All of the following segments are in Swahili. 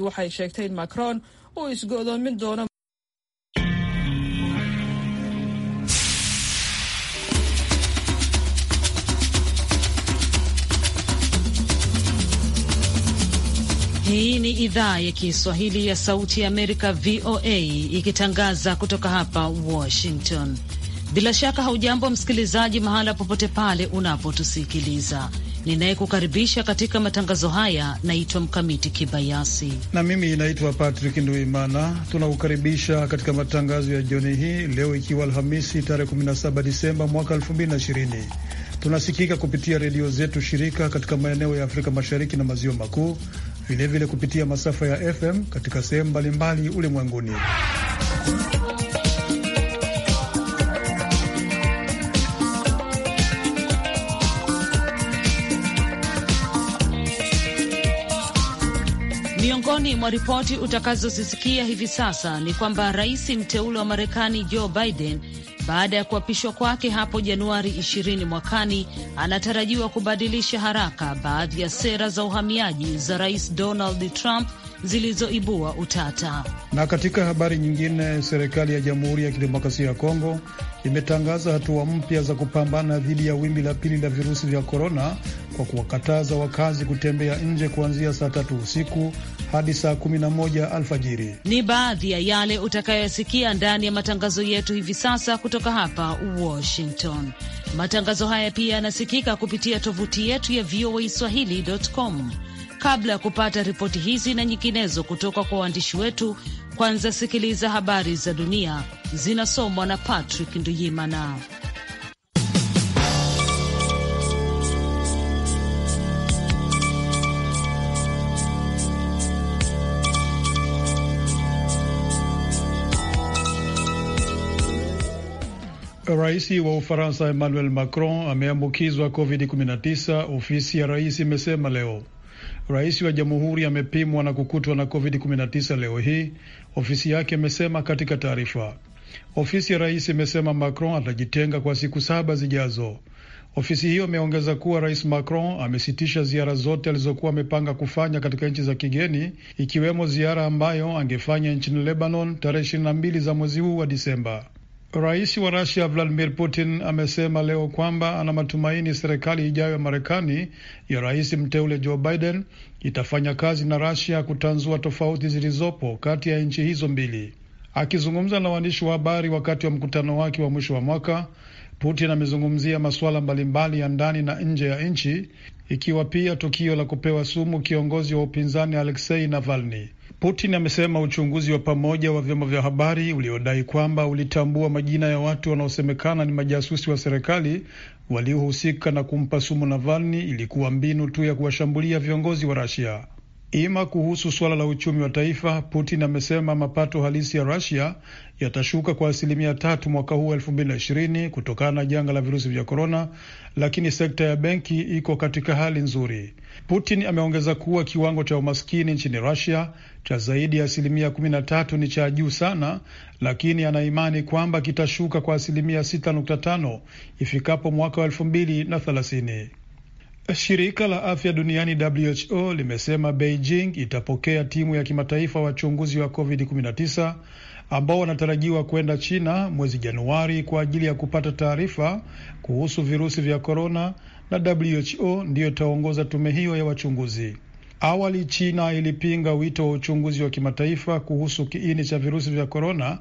waxay sheegtay in Macron uu isgoodoomin doono Hii ni idhaa ya Kiswahili ya Sauti ya Amerika, VOA, ikitangaza kutoka hapa Washington. Bila shaka haujambo msikilizaji, mahala popote pale unapotusikiliza. Ninayekukaribisha katika matangazo haya naitwa Mkamiti Kibayasi na mimi naitwa Patrick Nduimana. Tunakukaribisha katika matangazo ya jioni hii leo, ikiwa Alhamisi tarehe 17 Disemba mwaka 2020. Tunasikika kupitia redio zetu shirika katika maeneo ya Afrika Mashariki na Maziwa Makuu, vilevile kupitia masafa ya FM katika sehemu mbalimbali ulimwenguni. Miongoni mwa ripoti utakazozisikia hivi sasa ni kwamba rais mteule wa Marekani Joe Biden baada ya kuapishwa kwake hapo Januari 20 mwakani, anatarajiwa kubadilisha haraka baadhi ya sera za uhamiaji za Rais Donald Trump zilizoibua utata. Na katika habari nyingine, serikali ya Jamhuri ya Kidemokrasia ya Kongo imetangaza hatua mpya za kupambana dhidi ya wimbi la pili la virusi vya korona kwa kuwakataza wakazi kutembea nje kuanzia saa tatu usiku hadi saa kumi na moja alfajiri. Ni baadhi ya yale utakayoyasikia ndani ya matangazo yetu hivi sasa kutoka hapa Washington. Matangazo haya pia yanasikika kupitia tovuti yetu ya voa swahili.com Kabla ya kupata ripoti hizi na nyinginezo kutoka kwa waandishi wetu, kwanza sikiliza habari za dunia zinasomwa na Patrick Nduyimana. Rais wa Ufaransa Emmanuel Macron ameambukizwa COVID-19, ofisi ya rais imesema leo. Rais wa jamhuri amepimwa na kukutwa na COVID-19 leo hii, ofisi yake imesema katika taarifa. Ofisi ya rais imesema Macron atajitenga kwa siku saba zijazo. Ofisi hiyo imeongeza kuwa rais Macron amesitisha ziara zote alizokuwa amepanga kufanya katika nchi za kigeni, ikiwemo ziara ambayo angefanya nchini Lebanon tarehe 22 za mwezi huu wa Disemba. Rais wa Rusia Vladimir Putin amesema leo kwamba ana matumaini serikali ijayo ya Marekani ya rais mteule Joe Biden itafanya kazi na Rusia kutanzua tofauti zilizopo kati ya nchi hizo mbili. Akizungumza na waandishi wa habari wakati wa mkutano wake wa mwisho wa mwaka, Putin amezungumzia masuala mbalimbali ya ndani na nje ya nchi ikiwa pia tukio la kupewa sumu kiongozi wa upinzani Aleksei Navalny. Putin amesema uchunguzi wa pamoja wa vyombo vya habari uliodai kwamba ulitambua majina ya watu wanaosemekana ni majasusi wa serikali waliohusika na kumpa sumu Navalny ilikuwa mbinu tu ya kuwashambulia viongozi wa Rasia. Ima kuhusu suala la uchumi wa taifa, Putin amesema mapato halisi ya Rusia yatashuka kwa asilimia tatu mwaka huu elfu mbili na ishirini kutokana na janga la virusi vya korona, lakini sekta ya benki iko katika hali nzuri. Putin ameongeza kuwa kiwango cha umaskini nchini Rusia cha zaidi ya asilimia kumi na tatu ni cha juu sana, lakini anaimani kwamba kitashuka kwa asilimia sita nukta tano ifikapo mwaka wa elfu mbili na thelathini. Shirika la afya duniani WHO limesema Beijing itapokea timu ya kimataifa wachunguzi wa COVID-19 ambao wanatarajiwa kwenda China mwezi Januari kwa ajili ya kupata taarifa kuhusu virusi vya korona, na WHO ndiyo itaongoza tume hiyo ya wachunguzi. Awali China ilipinga wito wa uchunguzi wa kimataifa kuhusu kiini cha virusi vya korona,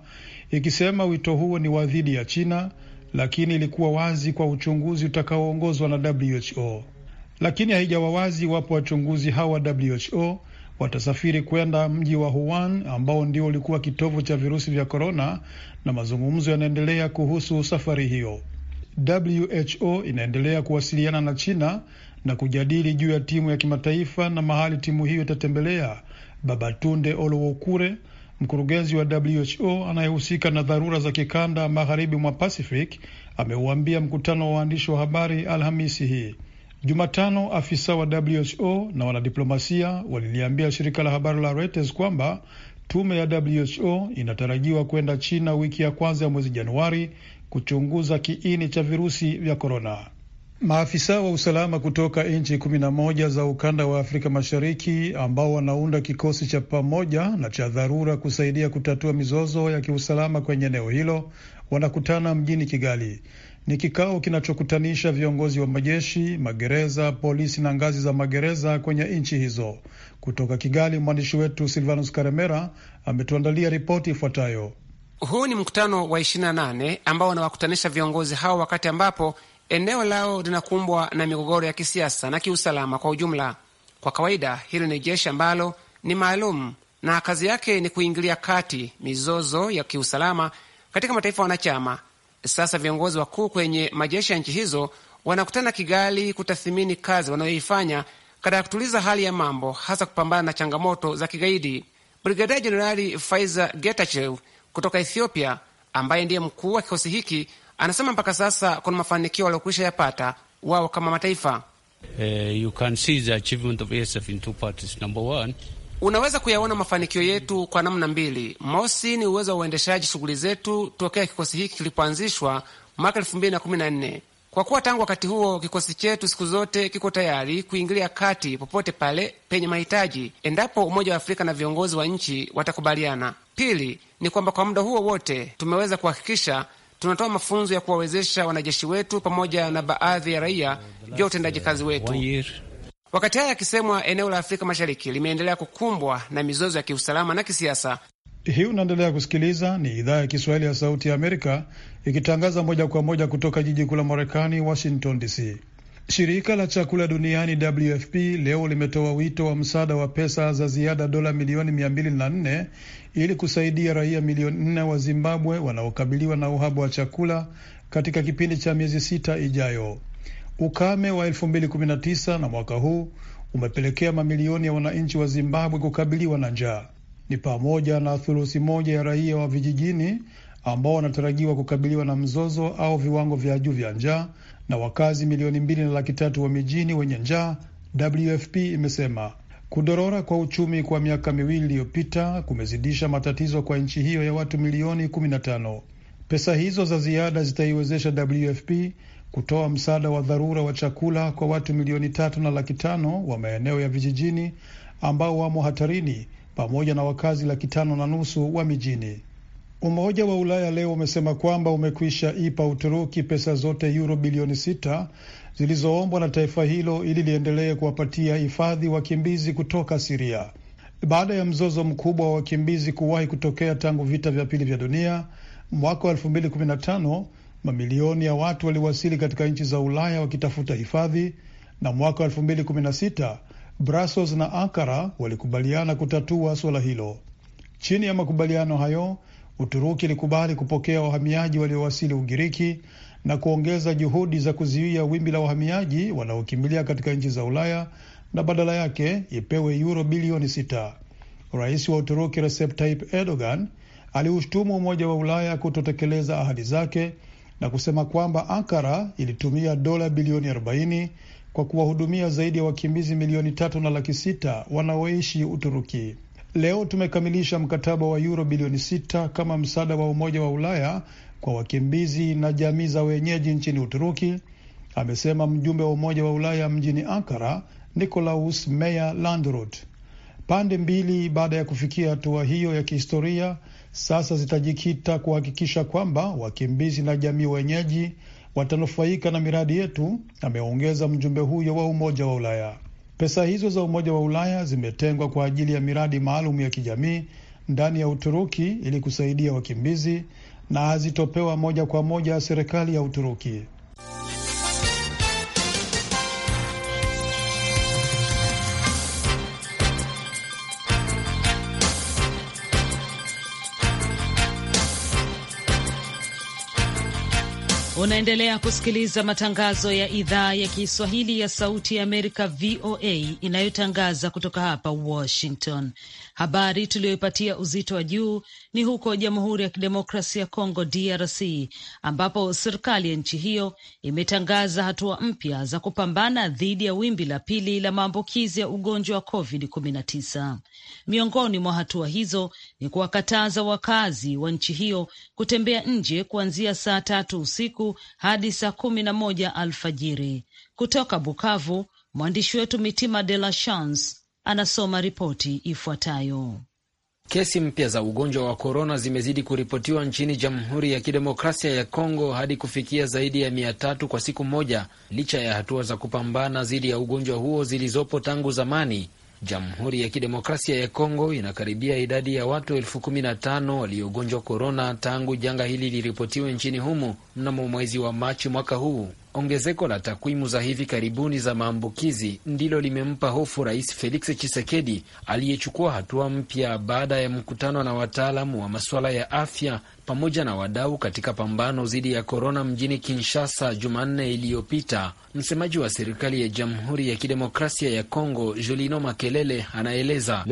ikisema wito huo ni wa dhidi ya China, lakini ilikuwa wazi kwa uchunguzi utakaoongozwa na WHO lakini haijawawazi wazi iwapo wachunguzi hao wa WHO watasafiri kwenda mji wa Wuhan ambao ndio ulikuwa kitovu cha virusi vya korona, na mazungumzo yanaendelea kuhusu safari hiyo. WHO inaendelea kuwasiliana na China na kujadili juu ya timu ya kimataifa na mahali timu hiyo itatembelea. Babatunde Olowokure, mkurugenzi wa WHO anayehusika na dharura za kikanda magharibi mwa Pacific, ameuambia mkutano wa waandishi wa habari Alhamisi hii Jumatano afisa wa WHO na wanadiplomasia waliliambia shirika la habari la Reuters kwamba tume ya WHO inatarajiwa kwenda China wiki ya kwanza ya mwezi Januari kuchunguza kiini cha virusi vya korona. Maafisa wa usalama kutoka nchi kumi na moja za ukanda wa Afrika Mashariki ambao wanaunda kikosi cha pamoja na cha dharura kusaidia kutatua mizozo ya kiusalama kwenye eneo hilo wanakutana mjini Kigali. Ni kikao kinachokutanisha viongozi wa majeshi, magereza, polisi na ngazi za magereza kwenye nchi hizo. Kutoka Kigali, mwandishi wetu Silvanus Karemera ametuandalia ripoti ifuatayo. Huu ni mkutano wa 28 ambao unawakutanisha viongozi hao wakati ambapo eneo lao linakumbwa na migogoro ya kisiasa na kiusalama kwa ujumla. Kwa kawaida, hili ni jeshi ambalo ni maalum na kazi yake ni kuingilia kati mizozo ya kiusalama katika mataifa wanachama sasa viongozi wakuu kwenye majeshi ya nchi hizo wanakutana Kigali kutathimini kazi wanayoifanya katika kutuliza hali ya mambo, hasa kupambana na changamoto za kigaidi. Brigadia Jenerali Faiza Getachew kutoka Ethiopia, ambaye ndiye mkuu wa kikosi hiki, anasema mpaka sasa kuna mafanikio waliokwisha yapata wao kama mataifa. Uh, you can see the achievement of ESF in two parties. Number one, Unaweza kuyaona mafanikio yetu kwa namna mbili. Mosi ni uwezo wa uendeshaji shughuli zetu tokea kikosi hiki kilipoanzishwa mwaka elfu mbili na kumi na nne kwa kuwa tangu wakati huo kikosi chetu siku zote kiko tayari kuingilia kati popote pale penye mahitaji, endapo Umoja wa Afrika na viongozi wa nchi watakubaliana. Pili ni kwamba kwa muda huo wote tumeweza kuhakikisha tunatoa mafunzo ya kuwawezesha wanajeshi wetu pamoja na baadhi ya raia vya utendaji kazi wetu. Wakati haya yakisemwa, eneo la Afrika Mashariki limeendelea kukumbwa na mizozo ya kiusalama na kisiasa. Hii unaendelea kusikiliza, ni idhaa ya Kiswahili ya Sauti ya Amerika ikitangaza moja kwa moja kutoka jiji kuu la Marekani, Washington DC. Shirika la chakula duniani WFP leo limetoa wito wa msaada wa pesa za ziada dola milioni 204 ili kusaidia raia milioni nne wa Zimbabwe wanaokabiliwa na uhaba wa chakula katika kipindi cha miezi sita ijayo. Ukame wa 2019 na mwaka huu umepelekea mamilioni ya wananchi wa Zimbabwe kukabiliwa na njaa. Ni pamoja na thuluthi moja ya raia wa vijijini ambao wanatarajiwa kukabiliwa na mzozo au viwango vya juu vya njaa na wakazi milioni mbili na laki tatu wa mijini wenye njaa, WFP imesema. Kudorora kwa uchumi kwa miaka miwili iliyopita kumezidisha matatizo kwa nchi hiyo ya watu milioni 15. Pesa hizo za ziada zitaiwezesha WFP kutoa msaada wa dharura wa chakula kwa watu milioni tatu na laki tano wa maeneo ya vijijini ambao wamo hatarini pamoja na wakazi laki tano na nusu wa mijini. Umoja wa Ulaya leo umesema kwamba umekwisha ipa Uturuki pesa zote yuro bilioni sita zilizoombwa na taifa hilo ili liendelee kuwapatia hifadhi wakimbizi kutoka Siria baada ya mzozo mkubwa wa wakimbizi kuwahi kutokea tangu vita vya pili vya dunia mwaka wa elfu mbili kumi na tano mamilioni ya watu waliwasili katika nchi za Ulaya wakitafuta hifadhi, na mwaka 216 2016 Brussels na Ankara walikubaliana kutatua suala hilo. Chini ya makubaliano hayo, Uturuki ilikubali kupokea wahamiaji waliowasili Ugiriki na kuongeza juhudi za kuzuia wimbi la wahamiaji wanaokimbilia katika nchi za Ulaya na badala yake ipewe yuro bilioni sita. Rais wa Uturuki Recep Tayyip Erdogan aliushtumu Umoja wa Ulaya kutotekeleza ahadi zake na kusema kwamba Ankara ilitumia dola bilioni 40 kwa kuwahudumia zaidi ya wakimbizi milioni tatu na laki sita wanaoishi Uturuki. Leo tumekamilisha mkataba wa yuro bilioni sita kama msaada wa Umoja wa Ulaya kwa wakimbizi na jamii za wenyeji nchini Uturuki, amesema mjumbe wa Umoja wa Ulaya mjini Ankara, Nikolaus Meyer Landrut. Pande mbili baada ya kufikia hatua hiyo ya kihistoria sasa zitajikita kuhakikisha kwamba wakimbizi na jamii wenyeji watanufaika na miradi yetu, ameongeza mjumbe huyo wa Umoja wa Ulaya. Pesa hizo za Umoja wa Ulaya zimetengwa kwa ajili ya miradi maalum ya kijamii ndani ya Uturuki ili kusaidia wakimbizi na hazitopewa moja kwa moja serikali ya Uturuki. Unaendelea kusikiliza matangazo ya idhaa ya Kiswahili ya Sauti ya Amerika, VOA, inayotangaza kutoka hapa Washington. Habari tuliyoipatia uzito wa juu ni huko Jamhuri ya Kidemokrasia ya Kongo, DRC, ambapo serikali ya nchi hiyo imetangaza hatua mpya za kupambana dhidi ya wimbi la pili la maambukizi ya ugonjwa wa COVID-19. Miongoni mwa hatua hizo ni kuwakataza wakazi wa nchi hiyo kutembea nje kuanzia saa tatu usiku hadi saa kumi na moja alfajiri. Kutoka Bukavu, mwandishi wetu Mitima De La Chance anasoma ripoti ifuatayo. Kesi mpya za ugonjwa wa korona zimezidi kuripotiwa nchini Jamhuri ya Kidemokrasia ya Kongo hadi kufikia zaidi ya mia tatu kwa siku moja, licha ya hatua za kupambana dhidi ya ugonjwa huo zilizopo tangu zamani. Jamhuri ya Kidemokrasia ya Kongo inakaribia idadi ya watu elfu kumi na tano waliogonjwa korona tangu janga hili liripotiwe nchini humo mnamo mwezi wa Machi mwaka huu. Ongezeko la takwimu za hivi karibuni za maambukizi ndilo limempa hofu Rais Felix Tshisekedi aliyechukua hatua mpya baada ya mkutano na wataalamu wa masuala ya afya pamoja na wadau katika pambano dhidi ya korona mjini Kinshasa Jumanne iliyopita. Msemaji wa serikali ya Jamhuri ya Kidemokrasia ya Kongo, Jolino Makelele, anaeleza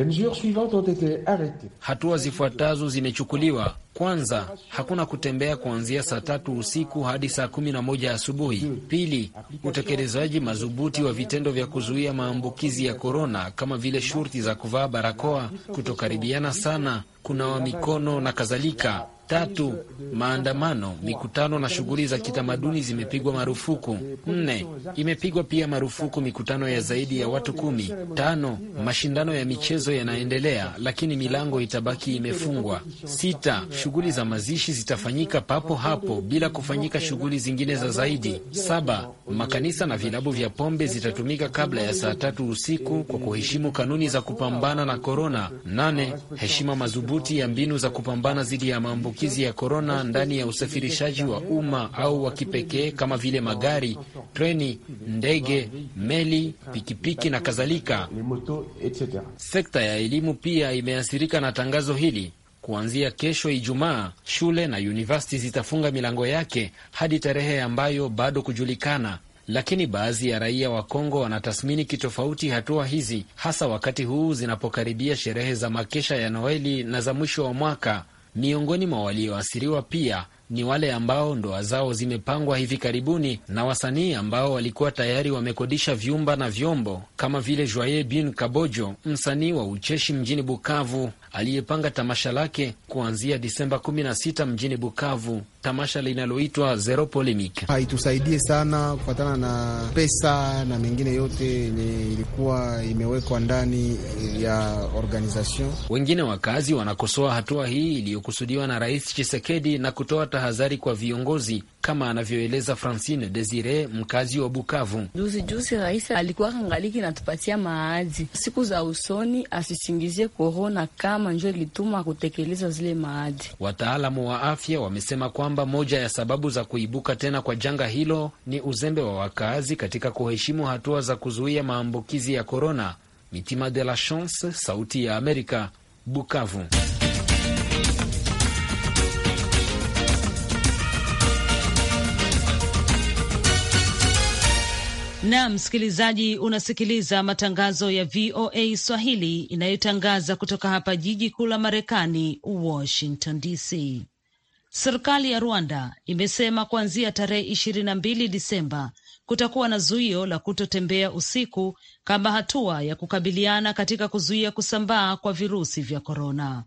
hatua zifuatazo zimechukuliwa. Kwanza, hakuna kutembea kuanzia saa tatu usiku hadi saa kumi na moja asubuhi. Pili, utekelezaji madhubuti wa vitendo vya kuzuia maambukizi ya korona kama vile shurti za kuvaa barakoa, kutokaribiana sana, kunawa mikono na kadhalika. Tatu, maandamano, mikutano na shughuli za kitamaduni zimepigwa marufuku. Nne, imepigwa pia marufuku mikutano ya zaidi ya watu kumi. Tano, mashindano ya michezo yanaendelea, lakini milango itabaki imefungwa. Sita, shughuli za mazishi zitafanyika papo hapo bila kufanyika shughuli zingine za zaidi. Saba, makanisa na vilabu vya pombe zitatumika kabla ya saa tatu usiku kwa kuheshimu kanuni za kupambana na korona. Nane, heshima madhubuti ya mbinu za kupambana dhidi ya maambukizi maambukizi ya korona ndani ya usafirishaji wa umma au wa kipekee kama vile magari, treni, ndege, meli, pikipiki na kadhalika. Sekta ya elimu pia imeathirika na tangazo hili. Kuanzia kesho Ijumaa, shule na yunivasiti zitafunga milango yake hadi tarehe ambayo bado kujulikana, lakini baadhi ya raia wa Kongo wanatathmini kitofauti hatua hizi, hasa wakati huu zinapokaribia sherehe za makesha ya Noeli na za mwisho wa mwaka. Miongoni mwa walioathiriwa pia ni wale ambao ndoa zao zimepangwa hivi karibuni na wasanii ambao walikuwa tayari wamekodisha vyumba na vyombo, kama vile Joye Bin Kabojo, msanii wa ucheshi mjini Bukavu, aliyepanga tamasha lake kuanzia Disemba 16 mjini Bukavu tamasha linaloitwa Zero Polemic haitusaidie sana kufatana na pesa na mengine yote yenye ilikuwa imewekwa ndani ya organization. Wengine wakazi wanakosoa hatua hii iliyokusudiwa na Rais Chisekedi na kutoa tahadhari kwa viongozi kama anavyoeleza Francine Desire, mkazi wa Bukavu. Juzi juzi rais alikuwa kangaliki natupatia maadi siku za usoni, asisingizie korona kama njo ilituma kutekeleza zile maaji. Wataalamu wa afya wamesema kwamba moja ya sababu za kuibuka tena kwa janga hilo ni uzembe wa wakaazi katika kuheshimu hatua za kuzuia maambukizi ya korona. Mitima de la Chance, Sauti ya Amerika, Bukavu. Na msikilizaji, unasikiliza matangazo ya VOA Swahili inayotangaza kutoka hapa jiji kuu la Marekani, Washington DC. Serikali ya Rwanda imesema kuanzia tarehe ishirini na mbili Disemba kutakuwa na zuio la kutotembea usiku kama hatua ya kukabiliana katika kuzuia kusambaa kwa virusi vya korona.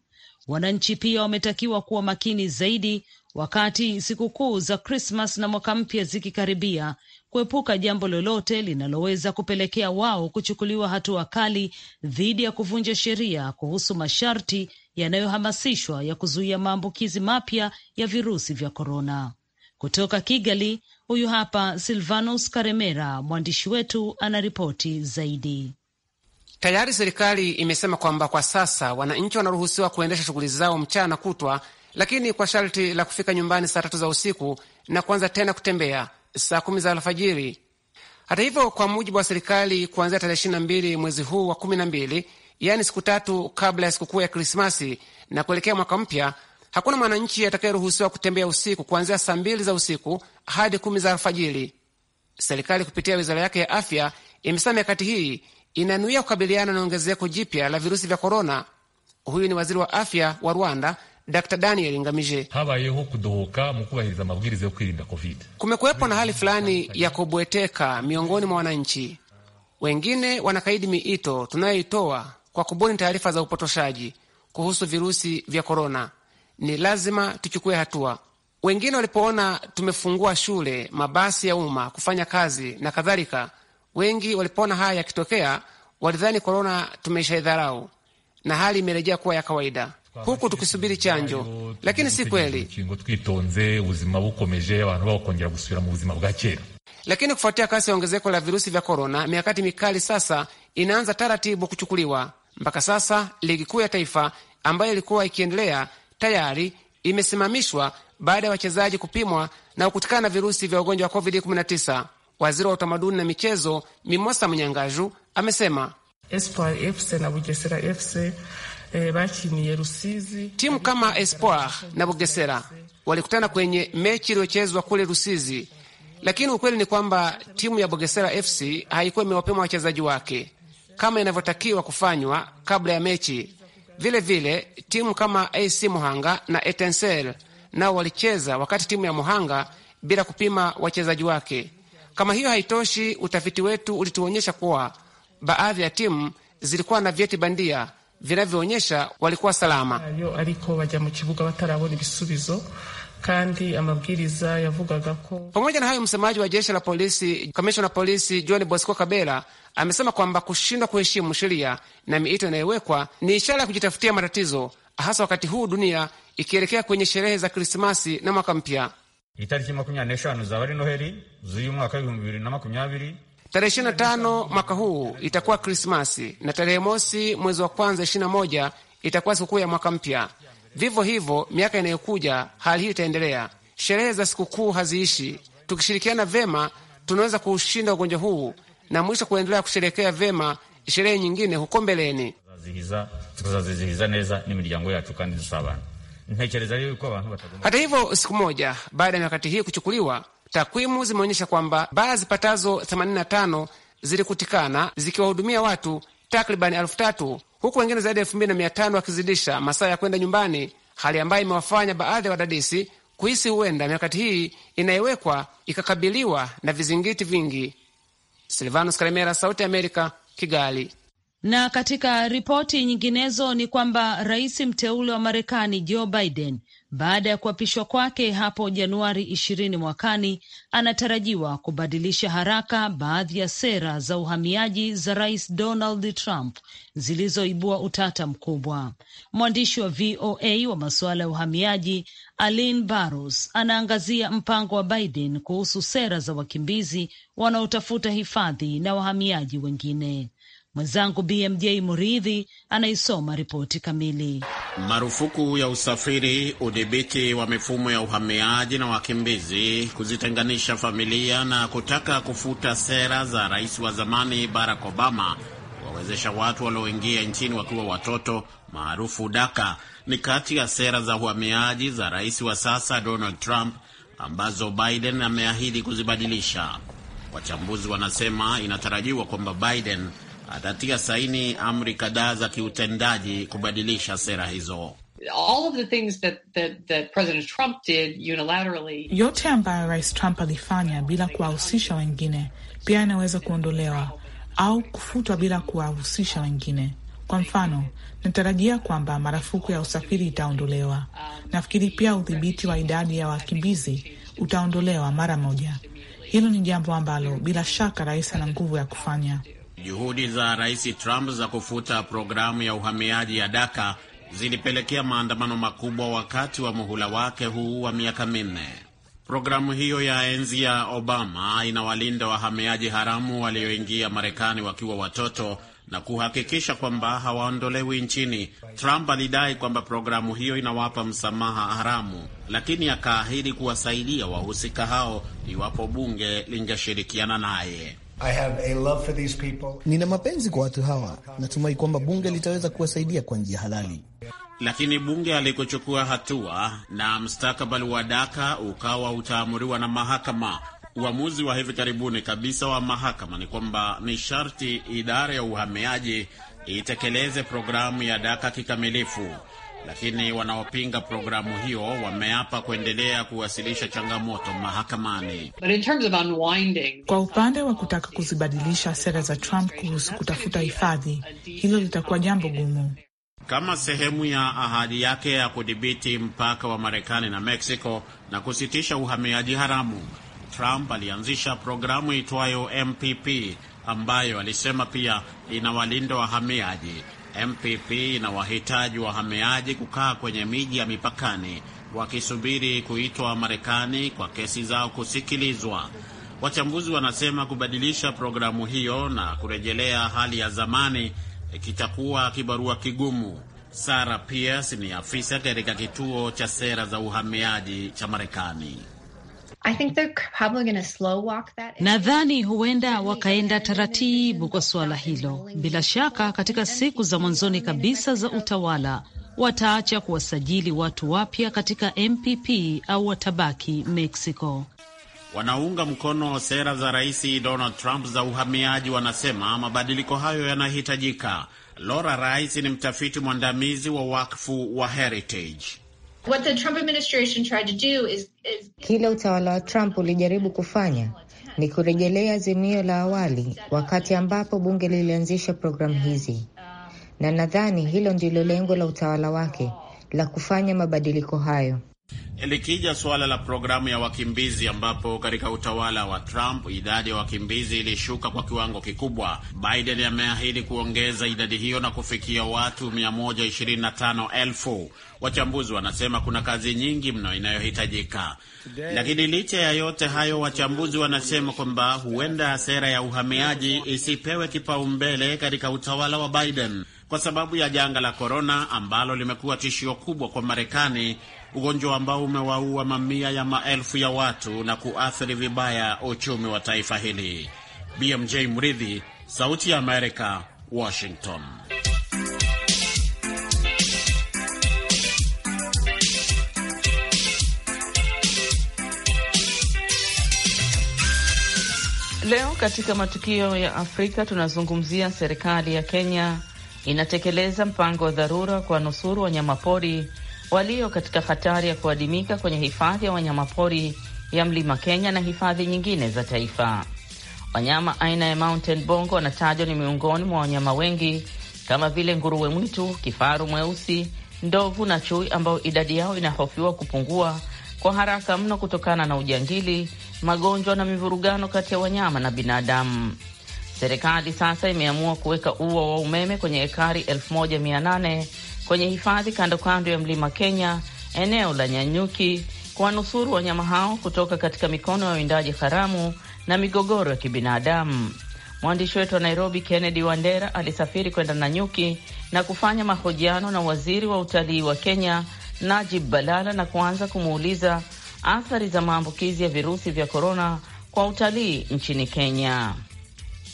Wananchi pia wametakiwa kuwa makini zaidi wakati sikukuu za Krismas na mwaka mpya zikikaribia, kuepuka jambo lolote linaloweza kupelekea wao kuchukuliwa hatua kali dhidi ya kuvunja sheria kuhusu masharti yanayohamasishwa ya kuzuia maambukizi mapya ya virusi vya korona. Kutoka Kigali, huyu hapa Silvanus Karemera, mwandishi wetu anaripoti zaidi. Tayari serikali imesema kwamba kwa sasa wananchi wanaruhusiwa kuendesha shughuli zao mchana kutwa, lakini kwa sharti la kufika nyumbani saa tatu za usiku na kuanza tena kutembea saa kumi za alfajiri. Hata hivyo, kwa mujibu wa serikali, kuanzia tarehe ishirini na mbili mwezi huu wa kumi na mbili, yaani siku tatu kabla ya sikukuu ya Krismasi na kuelekea mwaka mpya, hakuna mwananchi atakayeruhusiwa kutembea usiku kuanzia saa mbili za usiku hadi kumi za alfajiri. Serikali kupitia wizara yake ya afya imesema mikakati hii inanuia kukabiliana na ongezeko jipya la virusi vya korona. Huyu ni waziri wa afya wa Rwanda Dr Daniel Ngamije. Kumekuwepo na hali fulani ya kubweteka miongoni mwa wananchi, wengine wanakaidi miito tunayoitoa kwa kubuni taarifa za upotoshaji kuhusu virusi vya korona. Ni lazima tuchukue hatua. Wengine walipoona tumefungua shule, mabasi ya umma kufanya kazi na kadhalika, wengi walipoona haya yakitokea walidhani korona tumeshaidharau na hali imerejea kuwa ya kawaida huku tukisubiri chanjo, lakini si kweli. Lakini kufuatia kasi ya ongezeko la virusi vya korona, mikakati mikali sasa inaanza taratibu kuchukuliwa. Mpaka sasa ligi kuu ya taifa ambayo ilikuwa ikiendelea tayari imesimamishwa baada ya wachezaji kupimwa na kukutikana na virusi vya ugonjwa wa COVID-19. Waziri wa utamaduni na michezo Mimosa Mnyangaju amesema Espoir FC na Bugesera FC Eh, timu kama Espoir na Bugesera walikutana kwenye mechi iliyochezwa kule Rusizi, lakini ukweli ni kwamba timu ya Bugesera FC haikuwa imewapima wachezaji wake kama inavyotakiwa kufanywa kabla ya mechi. Vilevile vile, timu kama AC Muhanga na Etensel nao walicheza wakati timu ya Muhanga bila kupima wachezaji wake. Kama hiyo haitoshi, utafiti wetu ulituonyesha kuwa baadhi ya timu zilikuwa na vyeti bandia vinavyoonyesha walikuwa salama. Kandi amabwiriza yavugaga ko. Pamoja na hayo, msemaji wa jeshi la polisi, kamishona polisi John Bosco Kabela amesema kwamba kushindwa kuheshimu sheria na miito inayowekwa ni ishara ya kujitafutia matatizo, hasa wakati huu dunia ikielekea kwenye sherehe za Krismasi na mwaka mpya. itariki noheri z'uyu mwaka bibiri na Tarehe 25 mwaka huu itakuwa Krismasi na tarehe mosi mwezi wa kwanza 21 itakuwa sikukuu ya mwaka mpya. Vivyo hivyo, miaka inayokuja hali hii itaendelea. Sherehe za sikukuu haziishi. Tukishirikiana vyema, tunaweza kuushinda ugonjwa huu na mwisho kuendelea kusherekea vyema sherehe nyingine huko mbeleni. Hata hivyo, siku moja baada ya mikakati hii kuchukuliwa Takwimu zimeonyesha kwamba baa zipatazo 85 zilikutikana zikiwahudumia watu takribani elfu tatu huku wengine zaidi ya elfu mbili na mia tano wakizidisha masaa ya kwenda nyumbani, hali ambayo imewafanya baadhi ya wadadisi kuhisi huenda mikakati hii inayowekwa ikakabiliwa na vizingiti vingi. Silvanus Karemera, Sauti ya Amerika, Kigali. Na katika ripoti nyinginezo ni kwamba rais mteule wa Marekani Joe Biden baada ya kuapishwa kwake hapo Januari ishirini mwakani, anatarajiwa kubadilisha haraka baadhi ya sera za uhamiaji za Rais Donald Trump zilizoibua utata mkubwa. Mwandishi wa VOA wa masuala ya uhamiaji alin Barros anaangazia mpango wa Biden kuhusu sera za wakimbizi wanaotafuta hifadhi na wahamiaji wengine. Mwenzangu BMJ Muridhi anaisoma ripoti kamili. Marufuku ya usafiri, udhibiti wa mifumo ya uhamiaji na wakimbizi, kuzitenganisha familia na kutaka kufuta sera za rais wa zamani Barack Obama kuwawezesha watu walioingia nchini wakiwa watoto maarufu daka ni kati ya sera za uhamiaji za rais wa sasa Donald Trump ambazo Biden ameahidi kuzibadilisha. Wachambuzi wanasema inatarajiwa kwamba Biden atatia saini amri kadhaa za kiutendaji kubadilisha sera hizo. All of the things that, that, that President Trump did unilaterally... yote ambayo Rais Trump alifanya bila kuwahusisha wengine pia inaweza kuondolewa au kufutwa bila kuwahusisha wengine. Kwa mfano, natarajia kwamba marufuku ya usafiri itaondolewa. Nafikiri pia udhibiti wa idadi ya wakimbizi utaondolewa mara moja. Hilo ni jambo ambalo bila shaka rais ana nguvu ya kufanya. Juhudi za Rais Trump za kufuta programu ya uhamiaji ya Daka zilipelekea maandamano makubwa wakati wa muhula wake huu wa miaka minne. Programu hiyo ya enzi ya Obama inawalinda wahamiaji haramu walioingia Marekani wakiwa watoto na kuhakikisha kwamba hawaondolewi nchini. Trump alidai kwamba programu hiyo inawapa msamaha haramu, lakini akaahidi kuwasaidia wahusika hao iwapo bunge lingeshirikiana naye. I have a love for these people. Nina mapenzi kwa watu hawa. Natumai kwamba bunge litaweza kuwasaidia kwa njia halali. Lakini bunge alikochukua hatua na mstakabali wa Daka ukawa utaamuriwa na mahakama. Uamuzi wa hivi karibuni kabisa wa mahakama ni kwamba ni sharti idara ya uhamiaji itekeleze programu ya Daka kikamilifu lakini wanaopinga programu hiyo wameapa kuendelea kuwasilisha changamoto mahakamani. Unwinding... kwa upande wa kutaka kuzibadilisha sera za Trump kuhusu kutafuta hifadhi, hilo litakuwa jambo gumu. Kama sehemu ya ahadi yake ya kudhibiti mpaka wa Marekani na Meksiko na kusitisha uhamiaji haramu, Trump alianzisha programu itwayo MPP ambayo alisema pia inawalinda wahamiaji MPP na wahitaji wahamiaji kukaa kwenye miji ya mipakani wakisubiri kuitwa Marekani kwa kesi zao kusikilizwa. Wachambuzi wanasema kubadilisha programu hiyo na kurejelea hali ya zamani eh, kitakuwa kibarua kigumu. Sara Pierce ni afisa katika kituo cha sera za uhamiaji cha Marekani. Nadhani huenda wakaenda taratibu kwa suala hilo. Bila shaka, katika siku za mwanzoni kabisa za utawala wataacha kuwasajili watu wapya katika MPP au watabaki Mexico. Wanaunga mkono sera za Rais Donald Trump za uhamiaji wanasema mabadiliko hayo yanahitajika. Laura Rice ni mtafiti mwandamizi wa wakfu wa Heritage. Kile utawala wa Trump ulijaribu kufanya ni kurejelea azimio la awali wakati ambapo bunge lilianzisha programu hizi, na nadhani hilo ndilo lengo la utawala wake la kufanya mabadiliko hayo. Likija suala la programu ya wakimbizi, ambapo katika utawala wa Trump idadi ya wakimbizi ilishuka kwa kiwango kikubwa, Biden ameahidi kuongeza idadi hiyo na kufikia watu 125,000. Wachambuzi wanasema kuna kazi nyingi mno inayohitajika, lakini licha ya yote hayo, wachambuzi wanasema kwamba huenda sera ya uhamiaji isipewe kipaumbele katika utawala wa Biden kwa sababu ya janga la korona ambalo limekuwa tishio kubwa kwa Marekani ugonjwa ambao umewaua mamia ya maelfu ya watu na kuathiri vibaya uchumi wa taifa hili. BMJ Mridhi, Sauti ya Amerika, Washington. Leo katika matukio ya Afrika tunazungumzia serikali ya Kenya inatekeleza mpango wa dharura kwa nusuru wanyamapori walio katika hatari ya kuadimika kwenye hifadhi ya wanyamapori ya Mlima Kenya na hifadhi nyingine za taifa. Wanyama aina ya mountain bongo wanatajwa ni miongoni mwa wanyama wengi kama vile nguruwe mwitu, kifaru mweusi, ndovu na chui, ambao idadi yao inahofiwa kupungua kwa haraka mno kutokana na ujangili, magonjwa na mivurugano kati ya wanyama na binadamu. Serikali sasa imeamua kuweka ua wa umeme kwenye ekari 1800 kwenye hifadhi kando kando ya mlima Kenya, eneo la Nyanyuki, kuwanusuru wanyama hao kutoka katika mikono ya uwindaji haramu na migogoro ya kibinadamu. Mwandishi wetu wa Nairobi, Kennedy Wandera, alisafiri kwenda Nanyuki na kufanya mahojiano na waziri wa utalii wa Kenya, Najib Balala, na kuanza kumuuliza athari za maambukizi ya virusi vya korona kwa utalii nchini Kenya.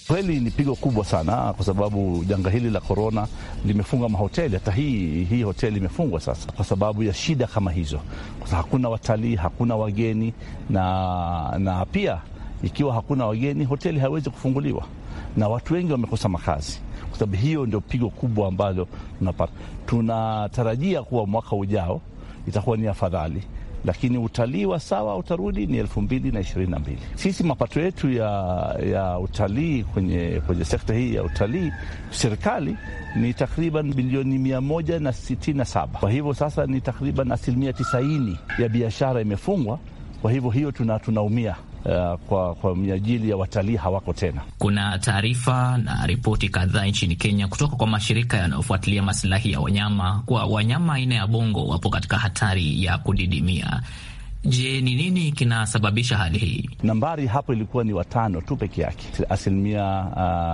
Kweli ni pigo kubwa sana, kwa sababu janga hili la korona limefunga mahoteli. Hata hii hii hoteli imefungwa sasa kwa sababu ya shida kama hizo, kwa sababu hakuna watalii, hakuna wageni na, na pia ikiwa hakuna wageni, hoteli haiwezi kufunguliwa na watu wengi wamekosa makazi kwa sababu hiyo ndio pigo kubwa ambalo tunapata. Tunatarajia kuwa mwaka ujao itakuwa ni afadhali, lakini utalii wa sawa utarudi ni elfu mbili na ishirini na mbili. Sisi mapato yetu ya, ya utalii kwenye, kwenye sekta hii ya utalii serikali ni takriban bilioni mia moja na sitini na saba. Kwa hivyo sasa ni takriban asilimia tisaini ya biashara imefungwa. Kwa hivyo hiyo tuna, Eh, kwa, kwa miajili ya watalii hawako tena. Kuna taarifa na ripoti kadhaa nchini Kenya kutoka kwa mashirika yanayofuatilia masilahi ya wanyama kwa wanyama aina ya bongo wapo katika hatari ya kudidimia. Je, ni nini kinasababisha hali hii? Nambari hapo ilikuwa ni watano tu peke yake, asilimia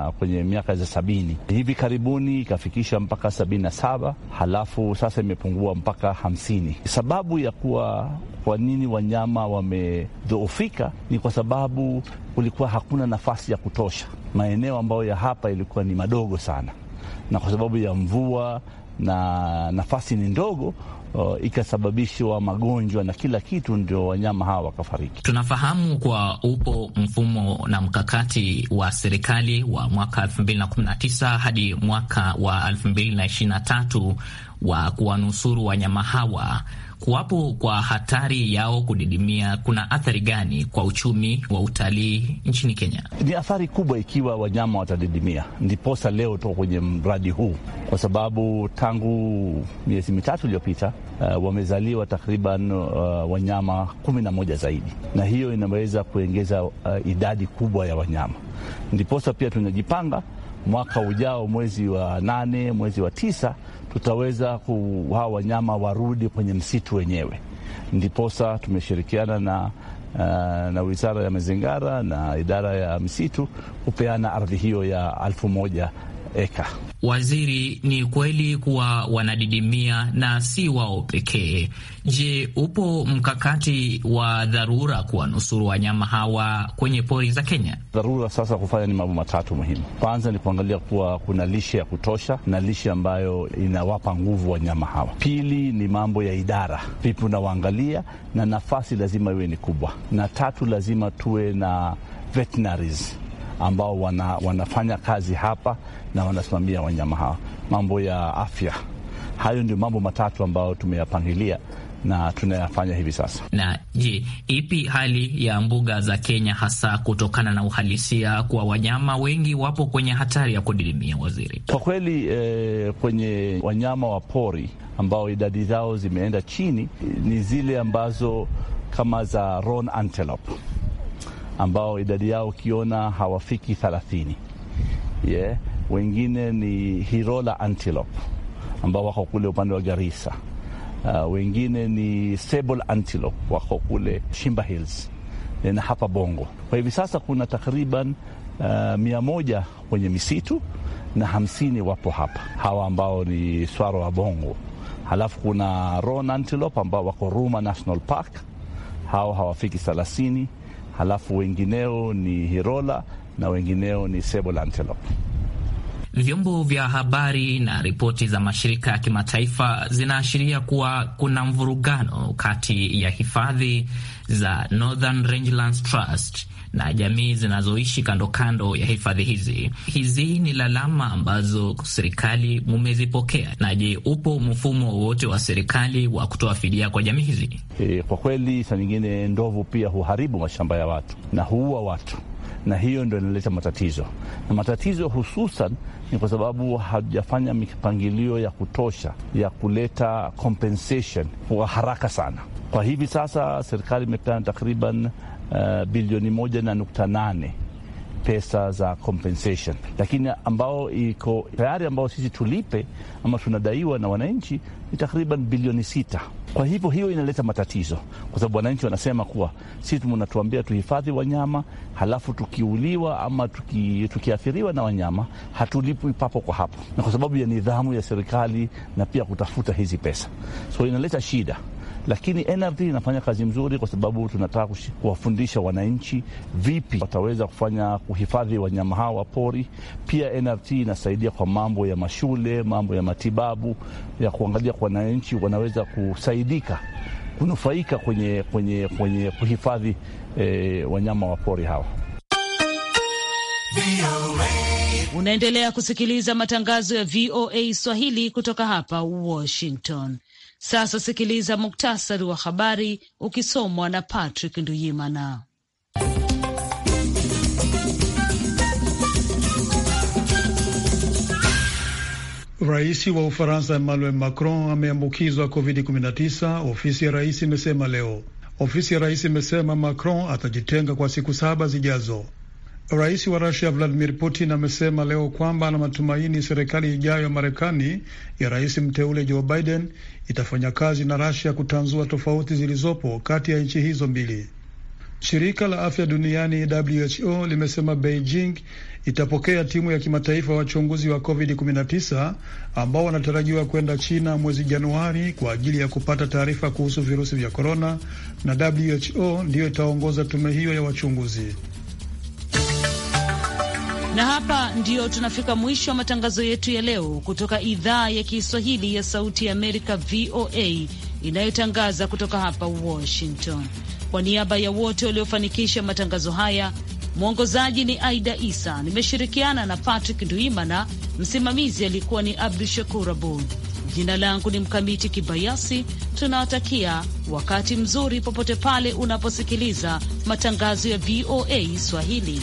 uh, kwenye miaka za sabini. Hivi karibuni ikafikisha mpaka sabini na saba, halafu sasa imepungua mpaka hamsini. Sababu ya kuwa kwa nini wanyama wamedhoofika ni kwa sababu kulikuwa hakuna nafasi ya kutosha. Maeneo ambayo ya hapa ilikuwa ni madogo sana, na kwa sababu ya mvua na nafasi ni ndogo, uh, ikasababishwa magonjwa na kila kitu, ndio wanyama hawa wakafariki. Tunafahamu kwa upo mfumo na mkakati wa serikali wa mwaka 2019 hadi mwaka wa 2023 wa kuwanusuru wanyama hawa kuwapo kwa hatari yao kudidimia, kuna athari gani kwa uchumi wa utalii nchini Kenya? Ni athari kubwa ikiwa wanyama watadidimia, ndiposa leo toka kwenye mradi huu, kwa sababu tangu miezi mitatu iliyopita uh, wamezaliwa takriban uh, wanyama kumi na moja zaidi, na hiyo inaweza kuongeza uh, idadi kubwa ya wanyama, ndiposa pia tunajipanga mwaka ujao mwezi wa nane, mwezi wa tisa tutaweza hawa wanyama warudi kwenye msitu wenyewe. Ndiposa tumeshirikiana na eh, na wizara ya mazingara na idara ya misitu kupeana ardhi hiyo ya alfu moja eka. Waziri, ni kweli kuwa wanadidimia na si wao pekee. Je, upo mkakati wa dharura kuwanusuru wanyama hawa kwenye pori za Kenya? Dharura sasa kufanya ni mambo matatu muhimu. Kwanza ni kuangalia kuwa kuna lishe ya kutosha na lishe ambayo inawapa nguvu wanyama hawa. Pili ni mambo ya idara, vipi unawaangalia, na nafasi lazima iwe ni kubwa, na tatu lazima tuwe na veterinaries ambao wana, wanafanya kazi hapa na wanasimamia wanyama hawa. Mambo ya afya, hayo ndio mambo matatu ambayo tumeyapangilia na tunayafanya hivi sasa. Na je, ipi hali ya mbuga za Kenya hasa kutokana na uhalisia kuwa wanyama wengi wapo kwenye hatari ya kudidimia, waziri? Kwa kweli eh, kwenye wanyama wa pori ambao idadi zao zimeenda chini ni zile ambazo kama za Roan antelope ambao idadi yao ukiona hawafiki thelathini. Yeah. Wengine ni Hirola antelope ambao wako kule upande wa Garissa. Uh, wengine ni sable antelope wako kule Shimba Hills na hapa Bongo. Kwa hivi sasa kuna takriban uh, mia moja kwenye misitu na hamsini wapo hapa, hawa ambao ni swara wa Bongo. Halafu kuna roan antelope ambao wako Ruma National Park, hao hawafiki thelathini halafu wengineo ni Hirola na wengineo ni Sebo Antelope. Vyombo vya habari na ripoti za mashirika ya kimataifa zinaashiria kuwa kuna mvurugano kati ya hifadhi za Northern Rangelands Trust na jamii zinazoishi kando kando ya hifadhi hizi. Hizi ni lalama ambazo serikali mumezipokea, na je, upo mfumo wowote wa serikali wa kutoa fidia kwa jamii hizi? E, kwa kweli saa nyingine ndovu pia huharibu mashamba ya watu na huua watu na hiyo ndo inaleta matatizo, na matatizo hususan ni kwa sababu hatujafanya mipangilio ya kutosha ya kuleta compensation kwa haraka sana. Kwa hivi sasa serikali imepeana takriban uh, bilioni moja na nukta nane pesa za compensation, lakini ambao iko tayari ambao sisi tulipe ama tunadaiwa na wananchi ni takriban bilioni sita. Kwa hivyo hiyo inaleta matatizo, kwa sababu wananchi wanasema kuwa sisi mnatuambia tuhifadhi wanyama, halafu tukiuliwa ama tuki, tukiathiriwa na wanyama hatulipwi papo kwa hapo, na kwa sababu ya nidhamu ya serikali na pia kutafuta hizi pesa, so inaleta shida lakini NRD inafanya kazi mzuri, kwa sababu tunataka kuwafundisha wananchi vipi wataweza kufanya kuhifadhi wanyama hawa wa pori. Pia NRT inasaidia kwa mambo ya mashule, mambo ya matibabu, ya kuangalia kwa wananchi wanaweza kusaidika kunufaika kwenye, kwenye, kwenye kuhifadhi eh, wanyama wa pori hawa. Unaendelea kusikiliza matangazo ya VOA Swahili kutoka hapa Washington. Sasa sikiliza muktasari wa habari ukisomwa na Patrick Nduyimana. Rais wa Ufaransa Emmanuel Macron ameambukizwa COVID-19, ofisi ya rais imesema leo. Ofisi ya rais imesema Macron atajitenga kwa siku saba zijazo. Rais wa Rusia Vladimir Putin amesema leo kwamba ana matumaini serikali ijayo ya Marekani ya rais mteule Joe Biden itafanya kazi na Rusia kutanzua tofauti zilizopo kati ya nchi hizo mbili. Shirika la afya duniani WHO limesema Beijing itapokea timu ya kimataifa ya wachunguzi wa COVID-19 ambao wanatarajiwa kwenda China mwezi Januari kwa ajili ya kupata taarifa kuhusu virusi vya korona, na WHO ndiyo itaongoza tume hiyo ya wachunguzi. Na hapa ndio tunafika mwisho wa matangazo yetu ya leo kutoka idhaa ya Kiswahili ya Sauti ya Amerika, VOA, inayotangaza kutoka hapa Washington. Kwa niaba ya wote waliofanikisha matangazo haya, mwongozaji ni Aida Isa, nimeshirikiana na Patrick Nduimana, msimamizi alikuwa ni Abdu Shakur Abud. Jina langu ni Mkamiti Kibayasi. Tunawatakia wakati mzuri popote pale unaposikiliza matangazo ya VOA Swahili.